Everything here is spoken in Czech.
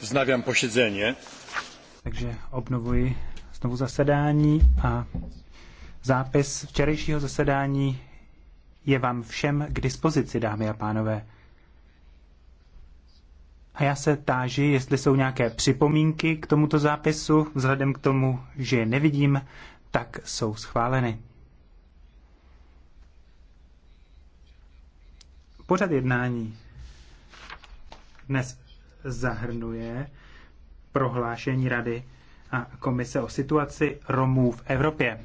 Znawiam posiedzenie. Takže obnovuji znovu zasedání a zápis včerejšího zasedání je vám všem k dispozici, dámy a pánové. A já se táži, jestli jsou nějaké připomínky k tomuto zápisu, vzhledem k tomu, že je nevidím, tak jsou schváleny. Pořad jednání dnes zahrnuje prohlášení Rady a Komise o situaci Romů v Evropě.